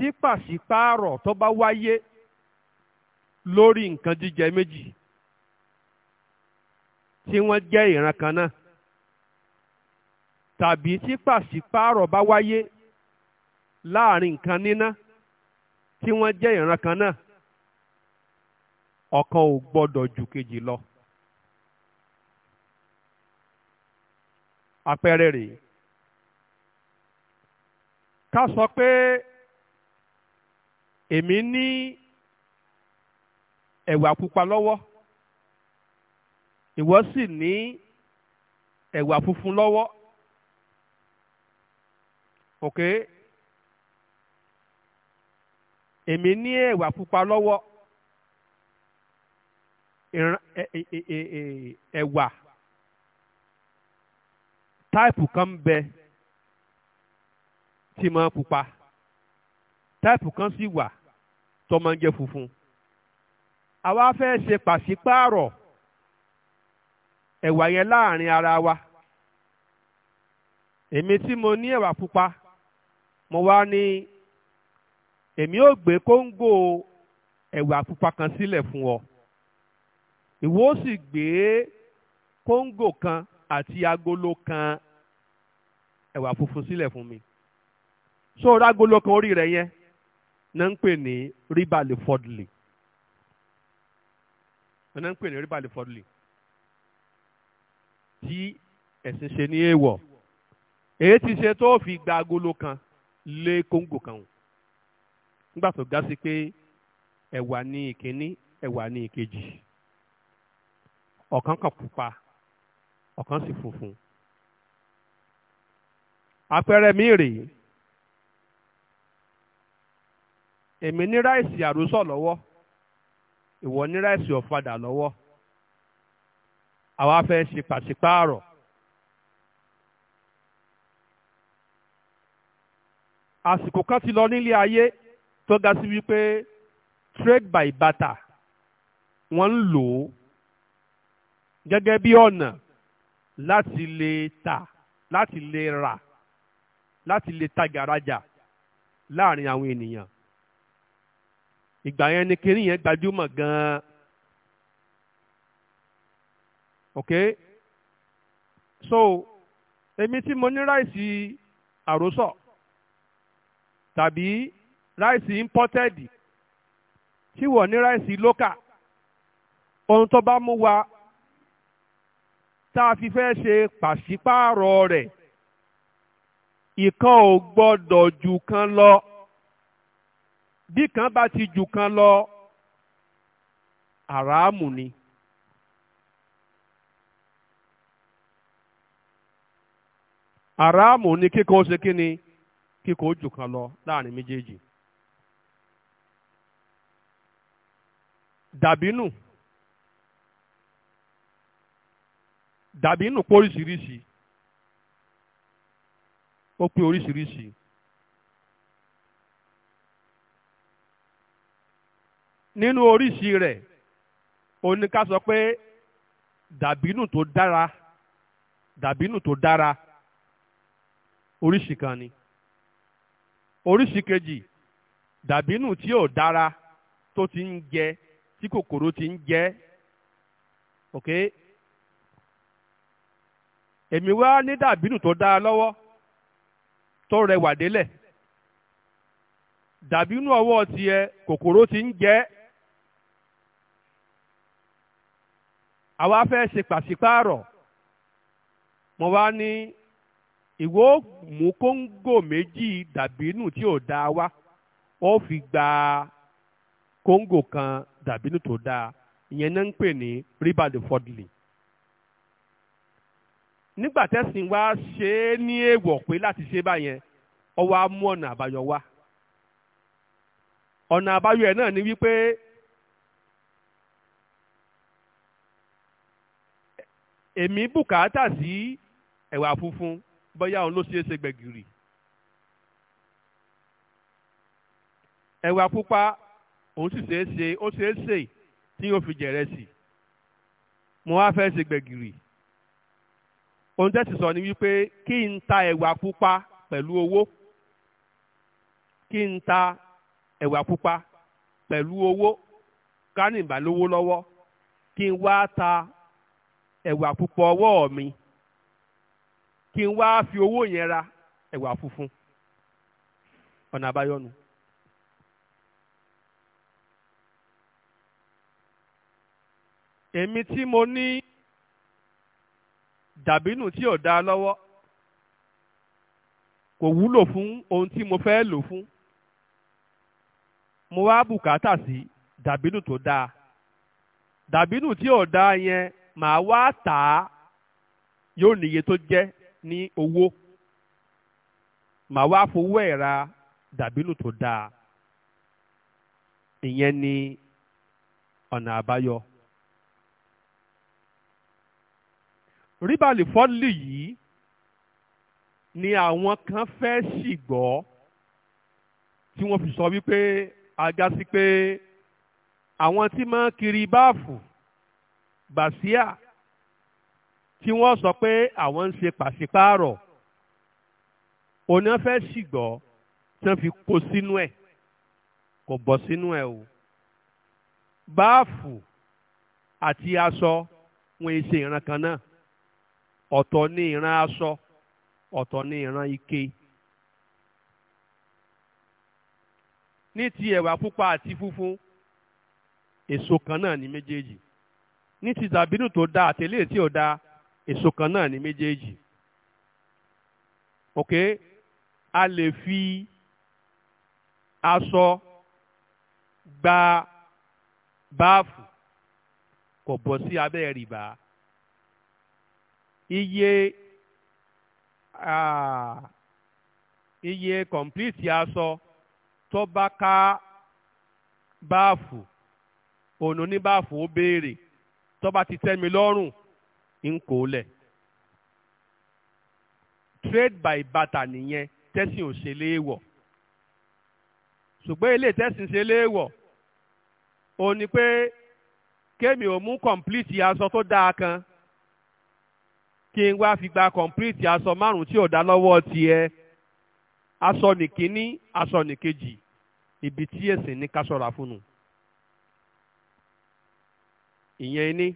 tí pàṣípààrọ̀ tó bá wáyé lórí nǹkan jíjẹ méjì tí wọ́n jẹ́ ìran kan náà tàbí tí pàṣípààrọ̀ bá wáyé láàrin nǹkan níná tí wọ́n jẹ́ ìran kan náà ọ̀kan ò gbọ́dọ̀ jù kejì lọ. àpẹẹrẹ rèé ká sọ pé èmi ní ẹ̀wà pupa lọ́wọ́ ìwọ sì ní ẹ̀wà funfun lọ́wọ́ ok èmi ní ẹ̀wà pupa lọ́wọ́ ẹ̀wà táìpù kan ń bẹ tí mo pupa táìpù kan sì wà. Si tó máa ń jẹ́ funfun àwa fẹ́ ṣe pàṣípààrọ̀ ẹ̀wà yẹn láàrin ara wa èmi tí mo ní ẹ̀wà pupa mo wá ní èmi ò gbé kóńgò ẹ̀wà pupa kan sílẹ̀ fún ọ ìwọ ó sì gbé kóńgò kan àti agolo kan ẹ̀wà funfun sílẹ̀ fún mi ṣó o rágolo kan orí rẹ̀ yẹn náà ń pè ní ríbàlì fọdùlì náà ń pè ní ríbàlì fọdùlì tí ẹ̀sìn ṣe ní èèwọ̀ èyí ti ṣe tó fi gba agolo kan lé kóńgò kan o nígbà tó ga sí pé ẹ̀wà ní ìkíní ẹ̀wà ní ìkejì ọ̀kan kan pupa ọ̀kan sì funfun àpẹẹrẹ mi rèé èmi ní ráìsì àròsọ lọwọ ìwọ ní ráìsì ọ̀fadà lọwọ àwa fẹ́ ṣe pàṣípààrọ̀ àsìkò kan ti lọ nílé ayé tó ga sí wípé trade by barter wọ́n ń lò ó gẹ́gẹ́ bí ọ̀nà láti lè tà láti lè rà láti lè tagaraja láàrin àwọn ènìyàn. ìgbà yẹn ni kinní yẹn gbajúmọ̀ gan-an ok so èmi tí mo ní ráìsì àròsọ tàbí ráìsì imported tí wọ́n ní ráìsì local ohun tó bá mú wa tá a fi fẹ́ ṣe pàṣípààrọ̀ rẹ̀ ìkan ò gbọ́dọ̀ jù kan lọ bí kan bá ti jù kan lọ àràámù ni. àràámù ni kíkọ́ ṣe kí ni kíkọ́ jù kan lọ láàrin méjèèjì. dàbínù dàbínù pé oríṣiríṣi ó pé oríṣiríṣi. nínú oríṣi rẹ̀ o nika ká sọ pé dàbínù tó dára dàbínù tó dára oríṣi kan ni oríṣi kejì dàbínù tí ò dára tó ti ń jẹ tí kòkòrò ti ń jẹ ok èmi wá ní dàbínù tó dára lọ́wọ́ tó rẹwà délẹ̀ dàbínú ọwọ́ tiẹ̀ kòkòrò ti ń jẹ àwa fẹ́ ṣe pàṣípààrọ̀ mo wá ní ìwọ mú kóńgò méjì dàbínú tí ò dáa wá ó fi gba kóńgò kan dàbínú tó dáa ìyẹn náà ń pè ní ribal fọdùlì nígbà tẹ́sìn wa ṣe é ní èèwọ̀ pé láti ṣe báyẹn ọwọ́ á mú ọ̀nà àbáyọ wá ọ̀nà àbáyọ ẹ̀ náà ni wípé èmi bùkátà sí ẹ̀wà funfun bóyá òun ló ṣeé ṣe gbẹ̀gìrì ẹ̀wà pupa òun sì ṣeé ṣe ó ṣeé ṣe tí yóò fi jẹ̀rẹ̀ sí mo wá fẹ́ ṣe gbẹ̀gìrì ohun tẹ́sí sọ ni wípé kí n ta ẹ̀wà pupa pẹ̀lú owó kí n ta ẹ̀wà pupa pẹ̀lú owó kánìbà lówó lọ́wọ́ kí n wá ta ẹ̀wà pupa ọwọ́ mi kí n wá fi owó yẹn ra ẹ̀wà funfun ọ̀nà àbáyọ́nu. èmi tí mo ní dàbínù tí ò dáa lọ́wọ́ kò wúlò fún ohun tí mo fẹ́ lò fún mo wá bùkátà sí dàbínù tó dáa dàbínù tí ò dáa yẹn màá wá tà á yóò níye tó jẹ́ ní owó màá wá fowó ẹ̀ ra dàbínù tó dáa ìyẹn ni ọ̀nà àbáyọ. ríbàlì fọ́lì yìí ni àwọn kan fẹ́ sì gbọ́ tí wọ́n fi sọ wípé agá sí pé àwọn tí máa kiri báàfù bàṣíà tí wọ́n sọ pé àwọn ń ṣe pàṣípààrọ̀ onífẹ́ ṣìgbọ́ tí wọ́n fi kó sínú ẹ̀ kò bọ́ sínú ẹ̀ o báàfù àti aṣọ wọn ṣe ìran kan náà ọ̀tọ̀ ni ìran aṣọ ọ̀tọ̀ ni ìran ike. ní ti ẹ̀wà pupa àti funfun èso kan náà ni méjèèjì ní ti dàbínú tó dáa àti eléyìí tí ò dáa èso kan náà ní méjèèjì ok a lè fi aṣọ gba báàfù kò bọ́ sí abẹ́ rìbá iye iye kọ̀m̀plìtì aṣọ tó bá ká báàfù òun ní báàfù ó béèrè tó bá ti tẹ́ mi lọ́rùn ń kò lẹ̀ trade by bata nìyẹn tẹ́sìn ò ṣe léèwọ̀ ṣùgbọ́n ilé tẹ́sìn ṣe léèwọ̀ ó ní pé kémi ò mú complete aṣọ tó dáa kan kí n wá fi gba complete aṣọ márùn tí ò dá lọ́wọ́ tiẹ̀ aṣọ nìkíní aṣọ nìkejì ibi tí ẹ̀sìn ní ká ṣọ́ra fún un ìyẹn ní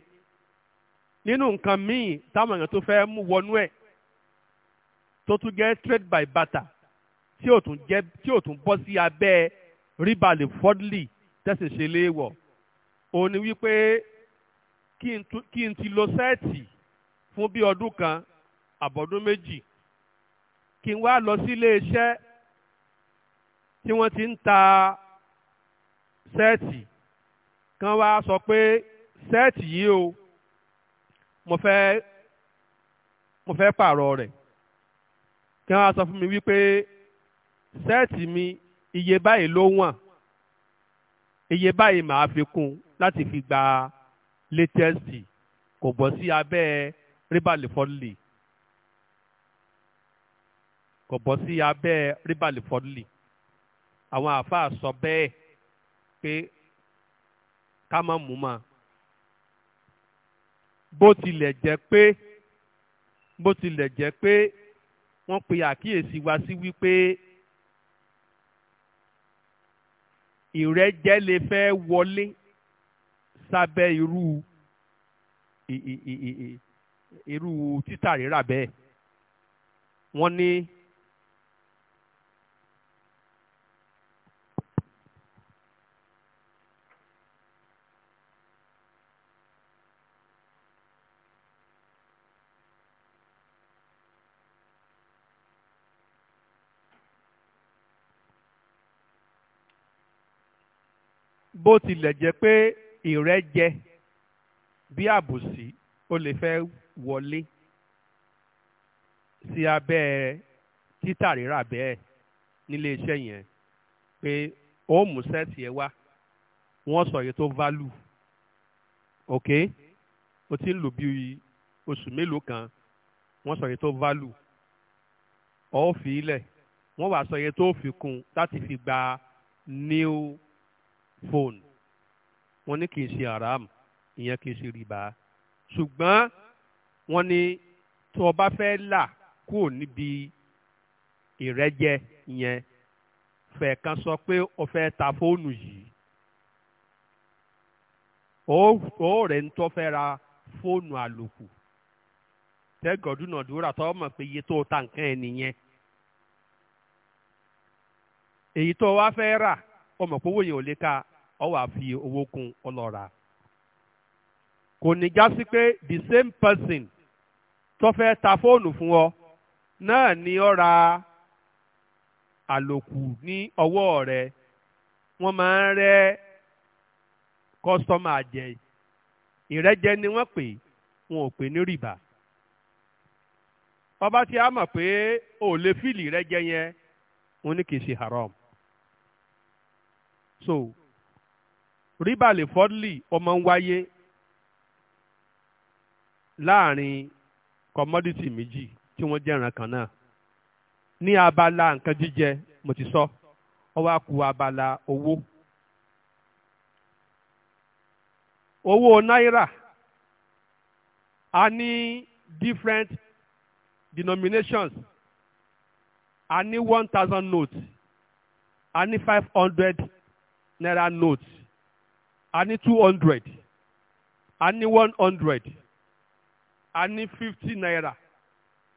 nínú nǹkan míì táwọn èèyàn tó fẹ́ mú wọnú ẹ̀ tó tún jẹ́ trade by barter tí ò tún jẹ́ tí ò tún bọ́ sí abẹ́ ribalè fọ́dúlì tẹ̀sí ṣe léèwọ̀ òun ni wípé kí n ti lo sẹ́ẹ̀tì fún bí ọdún kan àbọ̀dún méjì kí n wá lọ sí iléeṣẹ́ tí wọ́n ti ń ta sẹ́ẹ̀tì kan wá sọ pé sẹ́ẹ̀tì yìí o mo fẹ́ mo fẹ́ pààrọ̀ rẹ̀ kí wọ́n á sọ fún mi wípé sẹ́ẹ̀tì mi iye báyìí ló wọ̀n iye báyìí màá fi kún láti fi gba latest kò bọ́ sí abẹ́ ribalifọ́lì kò bọ́ sí abẹ́ ribalifọ́lì àwọn àáfàá sọ bẹ́ẹ̀ pé ká má mú máa bó tilẹ̀ jẹ́ pé bó tilẹ̀ jẹ́ pé wọ́n pe àkíyèsí wa sí wípé ìrẹ́jẹ lè fẹ́ wọlé sábẹ́ irú irú títà rírà bẹ́ẹ̀ wọ́n ní bó tilẹ̀ jẹ́ pé ìrẹ́jẹ bí àbòsí ó lè fẹ́ wọlé sí abẹ́ títà rírà bẹ́ẹ̀ nílé iṣẹ́ yẹn pé ó mú sẹ́ẹ̀tì ẹ wá wọ́n sọ yìí tó value ok o ti ń lò bí oṣù mélòó kan wọ́n sọ yìí tó value ọ̀ fi ilẹ̀ wọ́n wàá sọ yìí tó fi kún láti fi gba new Phone. wọ́n ní kìí ṣe haram ìyẹn kìí ṣe rìbá ṣùgbọ́n wọ́n ní tó o bá fẹ́ là kúrò níbi ìrẹ́jẹ yẹn fẹ̀ẹ̀kan sọ pé o fẹ́ ta fóònù yìí ó rẹ̀ ń tọ́ fẹ́ ra fóònù àlòkù tẹ́gọ̀dúnàdúrà tó mọ̀ pé iye tó ta nǹkan ẹ̀ nìyẹn èyí tó wá fẹ́ rà ọmọ pé owó yẹn ò lè ka ọ wà fi owó kún ọlọ́ra kò ní já pé the same person tó fẹ́ ta fóònù fún ọ náà ni ọ ra àlòkù ní ọwọ́ rẹ wọ́n máa ń rẹ́ kọ́sọ́mà jẹ ìrẹ́jẹ ni wọ́n pè wọn ò pè ní rìbá ọba tí a mọ̀ pé ò lè fíìlì ìrẹ́jẹ yẹn wọn ní kì í ṣe haram so ríbàlì fọ́dúlì ọmọ ń wáyé láàrin kọmọdítì méjì tí wọ́n jẹ́ràn kan náà ní abala nǹkan jíjẹ mo ti sọ ọ wá ku abala owó owó náírà a ní different denominations a ní one thousand notes a ní five hundred naira notes a ní two hundred a ní one hundred a ní fifty naira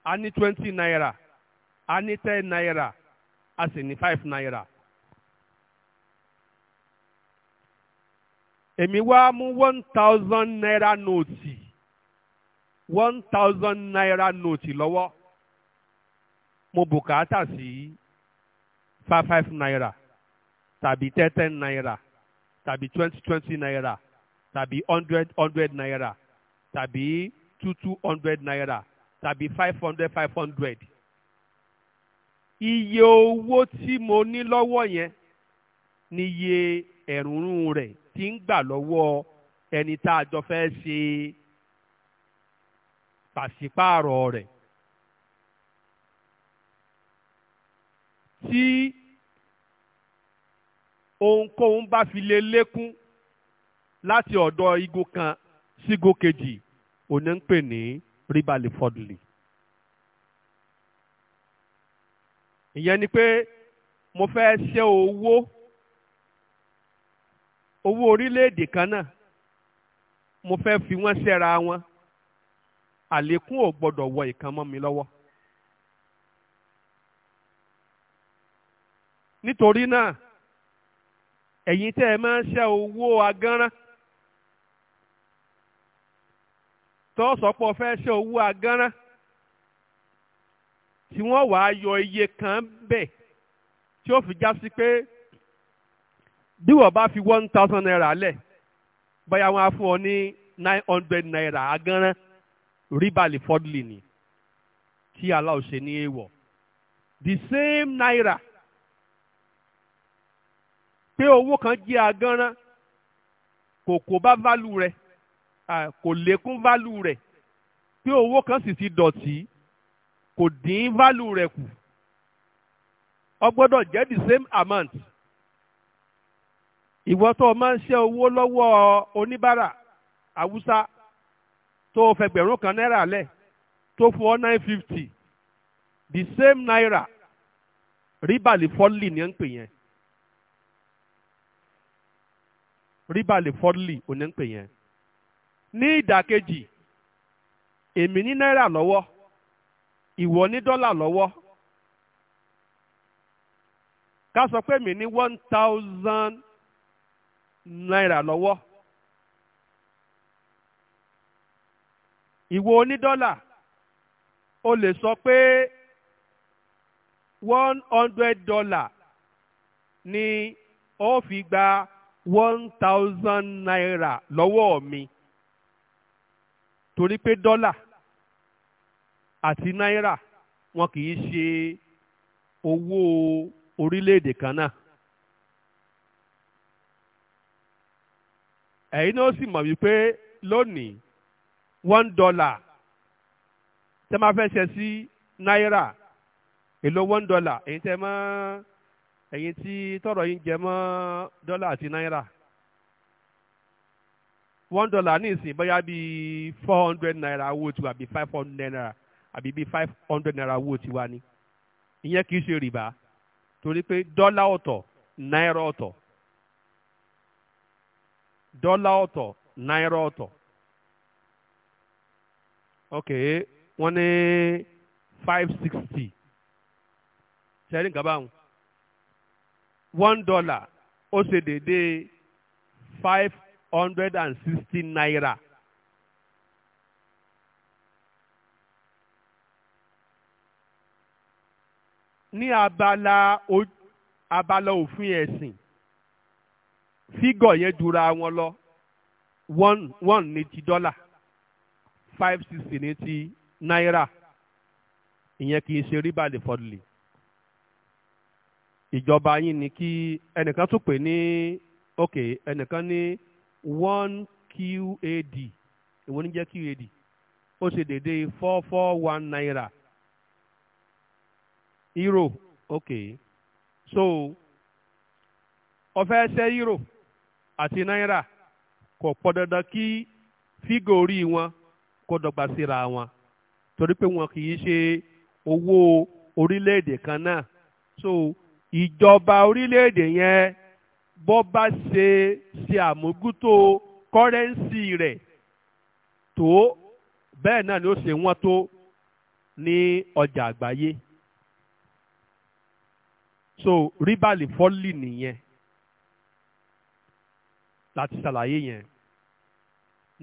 a ní twenty naira a ní ten naira a sì ní five naira. èmi wá mú one thousand naira nóòtì one thousand naira nóòtì lọ́wọ́ mo bùkátà sí five five naira tàbí ten ten naira tàbí twenty twenty naira tàbí hundred hundred naira tàbí two two hundred naira tàbí five hundred five hundred. iye owó tí mo ní lọ́wọ́ yẹn ni iye ẹ̀rúnrún rẹ̀ tí ń gbà lọ́wọ́ ẹni tá a jọ fẹ́ ṣe pàṣípààrọ̀ rẹ̀. tí ohunkóhun bá fi lè lékún láti ọ̀dọ̀ igun kan sígun kejì òní ń pè ní ribali fọdùlì. ìyẹn ni pé mo fẹ́ ṣe owó owó orílẹ̀-èdè kan náà mo fẹ́ fi wọ́n ṣẹ́ra wọn àlékún ò gbọ́dọ̀ wọ ìkan mọ́ mi lọ́wọ́. nítorí náà ẹ̀yin tẹ́ ẹ máa ń ṣẹ́ owó agánrán tó sọ́pọ̀ fẹ́ ṣẹ́ owó agánrán tí wọ́n wàá yọ iye kan bẹ̀ tí ó fi já sí pé bí wọ́n bá fi one thousand naira lẹ̀ bóyá wọ́n á fún ọ ní nine hundred naira agánrán ribali fọdùlì ni tí aláwọ̀ ṣe ní èèwọ̀ the same naira pé owó kan jẹ́ agánrán kò kò bá válù rẹ̀ kò lékún válù rẹ̀ pé owó kan sì ti dọ̀tí kò dín válù rẹ̀ kù ó gbọ́dọ̀ jẹ́ the same amount ìwọ tó o máa ń ṣe owó lọ́wọ́ oníbàárà Haúsá tó o fẹgbẹ̀rún kan náírà lẹ̀ tó fún ọ nine fifty the same naira ríbàlì fọ́lì ni ó ń pè yẹn ríbàlè fọ́dúlì òní ń pè yẹn ní ìdàkejì èmi ní náírà lọ́wọ́ ìwọ ní dọ́là lọ́wọ́ ká sọ pé èmi ní one thousand náírà lọ́wọ́ ìwọ ní dọ́là o lè sọ pé one hundred dollar ni ó fi gba one thousand naira lọ́wọ́ mi torí pé dọ́là àti náírà wọn kì í ṣe owó orílẹ̀-èdè kan náà. ẹ̀yin náà sì mọ̀ wípé lónìí one dollar tẹ́ máa fẹ́ ṣe sí náírà èlò one dollar èyí tẹ́ máa. ẹ̀yin tí tọrọ yín jẹ mọ́ dọ́là àti náírà one dollar ní ìsìn bóyá bíi four hundred naira owó tiwa bíi five hundred naira àbí bíi five hundred naira owó tiwa ni ìyẹn kì í ṣe rìbá torí pé dọ́là ọ̀tọ̀ náírà ọ̀tọ̀ dọ́là ọ̀tọ̀ náírà ọ̀tọ̀ ok wọ́n ní five sixty ṣẹ́rí nǹkan báwọn one dollar ó ṣe déédéé five hundred and sixty naira. ní abala o, abala òfin ẹ̀sìn fígọ̀ yẹn jura wọn lọ one one ní ti dọ́là five sixty ní ti náírà ìyẹn kì í ṣe ríbalè fọdùlì ìjọba yín ni kí ẹnìkan tún pè ní ok ẹnìkan ní one qad èwo ní jẹ́ qad ó ṣe déédéé four four one naira euro ok so ọ̀fẹ́ ṣẹ́ euro àti naira. kò pọ̀ dandan kí fígò orí wọn kó dọ́gba síra wọn torí pé wọn kì í ṣe owó orílẹ̀-èdè kan náà so ìjọba orílẹ̀-èdè yẹn bọ́ bá ṣe ṣe àmójútó kọ́rẹ́ǹsì rẹ̀ tó bẹ́ẹ̀ náà ni ó ṣe wọ́n tó ní ọjà àgbáyé so ríbàlì fọ́lì nìyẹn láti ṣàlàyé yẹn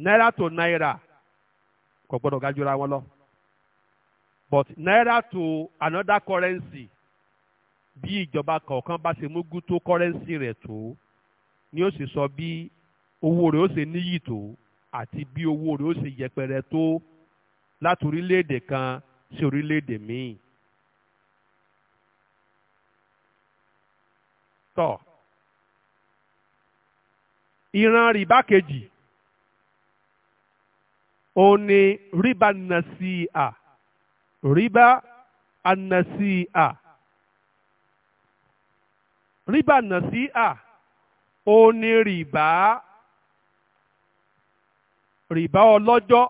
náírà tó náírà kò gbọ́dọ̀ ga jura wọn lọ but náírà to another currency bí ìjọba kọ̀ọ̀kan bá ṣe mógú tó kọ́rẹ́ǹsì rẹ̀ tó ni ó sì sọ bí owó rẹ̀ ó ṣe níyì tó àti bí owó rẹ̀ ó ṣe yẹpẹrẹ tó láti orílẹ̀-èdè kan sí orílẹ̀-èdè míì. tọ́ ìran rìbá kejì ó ní rìbá nàṣìà rìbá ànàṣìà rìbá nàṣíà ó ní rìbá rìbá ọlọ́jọ́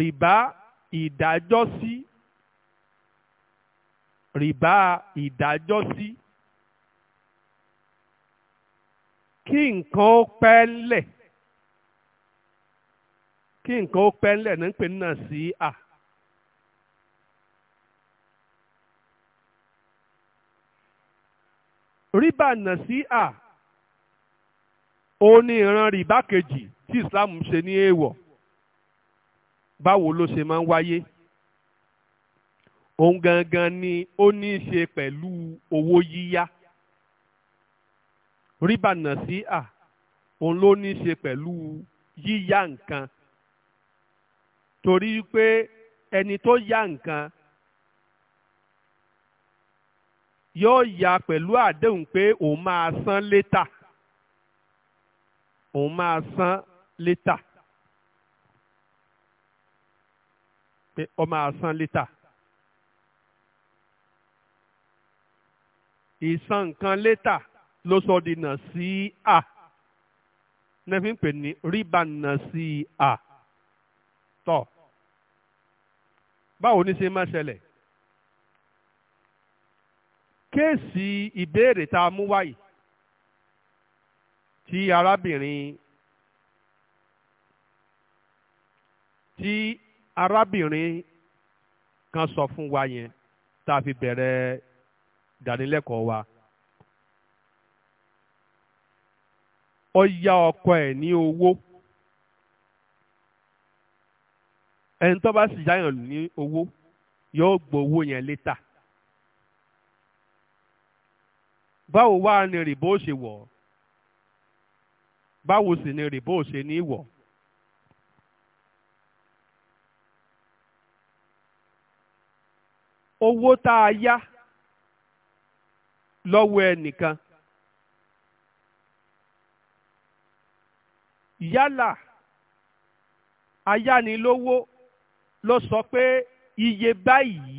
rìbá ìdájọ́sí rìbá ìdájọ́sí kí nǹkan ó pẹ́ lẹ̀ kí nǹkan ó pẹ́ lẹ̀ ní pé náà sí à. ríbà nàṣíà ó ní ìran rìbá kejì tí Islam ṣe ní èèwọ̀ báwo ló ṣe máa ń wáyé òun gangan ni ó ní í ṣe pẹ̀lú owó yíyá ríbà nàṣíà òun ló ní í ṣe pẹ̀lú yíyá nǹkan torí pé ẹni tó yá nǹkan yóò y'a pẹ̀lú àdéhùn pé òun máa san létà òun máa san létà pé ọ máa san létà. ìsan nǹkan létà ló sọ di nà sí à nẹ́fí ń pè ní rìbá nà sí à tọ̀ báwo ni ṣe máa ṣẹlẹ̀ kéèsì ìbéèrè tá a mú wáyìí tí arábìnrin tí arábìnrin kan sọ fún wa yẹn tá a fi bẹ̀rẹ̀ ìdánilẹ́kọ̀ọ́ wa. ó yá ọkọ ẹ̀ ní owó ẹni tó bá sì yáyàn ní owó yóò gbowó yẹn létà. báwo wá ni rìbó ṣe wọ̀ báwo sì ni rìbó ṣe ní wọ̀. owó tá a yá lọ́wọ́ ẹnìkan yálà ayánilówó ló sọ pé iye báyìí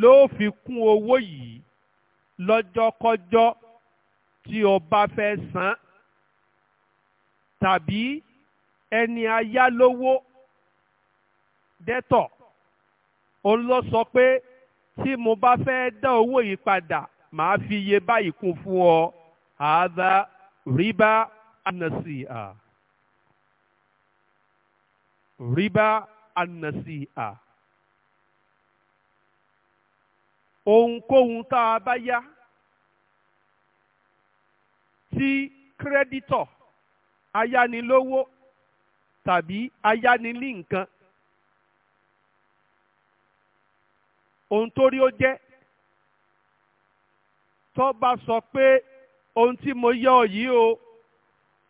ló fi kún owó yìí lọ́jọ́kọ́jọ́ tí o bá fẹ́ san tàbí ẹni ayálówó dẹ́tọ̀ ó lọ sọ pé tí mo bá fẹ́ dá owó yìí padà màá fi iye báyìí kún fún ọ àádá rìbá anasi'a rìbá anasi'a. ohunkóhun tá a bá yá tí kírẹ́dítọ̀ ayánilówó tàbí ayánilí nǹkan ohun tó rí ó jẹ́ tó bá sọ pé ohun tí mo yá yìí o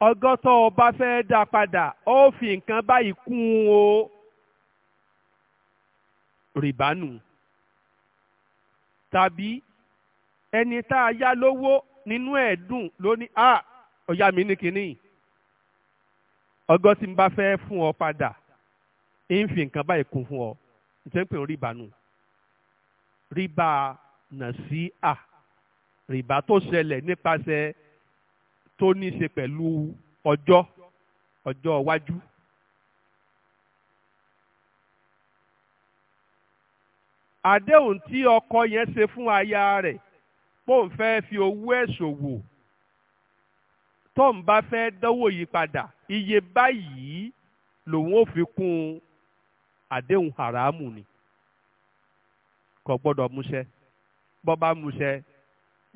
ọgọ́tọ̀ ọba fẹ́ dá padà ó fi nǹkan báyìí kún un o rìbánu tàbí ẹni tá a yá lówó nínú ẹ̀ dùn ló a ọ̀yá mi ní kínní ọgọ́ tí n bá fẹ́ fún ọ padà ń fi nǹkan báyìí kún fún ọ nítorí pé ń rí ìbànú ríbà nàṣíà rìbá tó ṣẹlẹ̀ nípasẹ̀ tó ní í ṣe pẹ̀lú ọjọ́ ọjọ́ iwájú. àdéhùn tí ọkọ yẹn ṣe fún aya rẹ̀ pòun fẹ́ fi owó ẹ̀ ṣòwò tóun bá fẹ́ dánwò yí padà iye báyìí lòun ò fi kún un àdéhùn haramu ni kò gbọ́dọ̀ múṣẹ bọ́ bá múṣẹ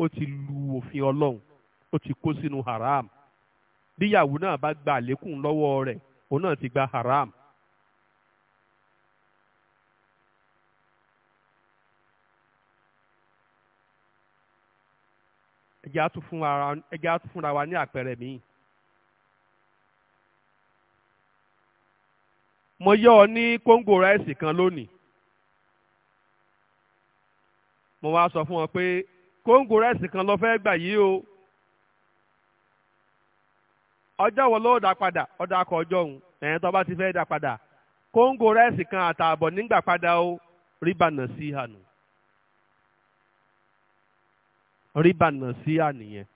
ó ti lu òfin ọlọ́run ó ti kó sínú haram bíyàwó náà bá gba àlékún lọ́wọ́ rẹ̀ òun náà ti gba haram. ẹjẹ́ á tún fúnra wa ní àpẹẹrẹ míì. mo yọ ọ ní kóńgò ráìsì kan lónìí mo wá sọ fún ọ pé kóńgò ráìsì kan lọ fẹ́ gbà yìí o ọjọ́ wo ló dá padà akọ ọjọ́ òun tó bá kan àtààbọ̀ nígbà padà ó rí bànà sí rí bànà sí àníyàn